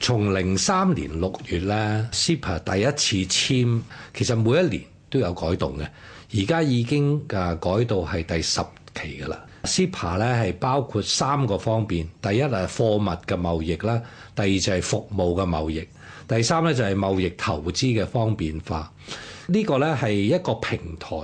從零三年六月咧 CEPA 第一次簽，其實每一年都有改動嘅。而家已經改到係第十期嘅啦。CEPA 咧係包括三個方面，第一係貨物嘅貿易啦，第二就係服務嘅貿易，第三咧就係貿易投資嘅方便化。呢、呢個咧係一個平台，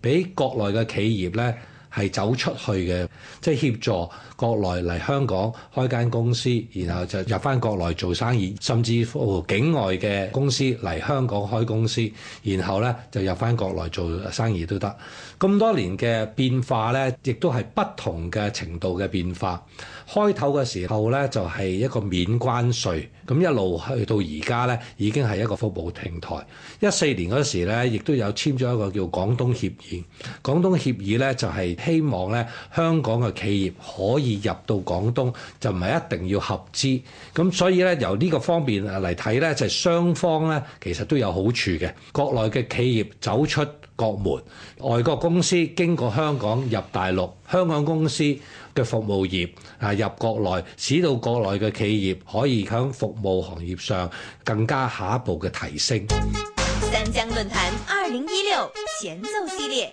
俾國內嘅企業咧。係走出去嘅，即係協助國內嚟香港開間公司，然後就入翻國內做生意，甚至乎境外嘅公司嚟香港開公司，然後咧就入翻國內做生意都得。咁多年嘅變化咧，亦都係不同嘅程度嘅變化。開頭嘅時候咧，就係一個免關稅，咁一路去到而家咧，已經係一個服務平台。一四年嗰時咧，亦都有簽咗一個叫廣東協議，廣東協議咧就係。希望咧，香港嘅企業可以入到廣東，就唔係一定要合資。咁所以咧，由呢個方面嚟睇咧，就係、雙方咧其實都有好處嘅。國內嘅企業走出國門，外國公司經過香港入大陸，香港公司嘅服務業啊入國內，使到國內嘅企業可以喺服務行業上更加下一步嘅提升。三江論壇二零一六前奏系列。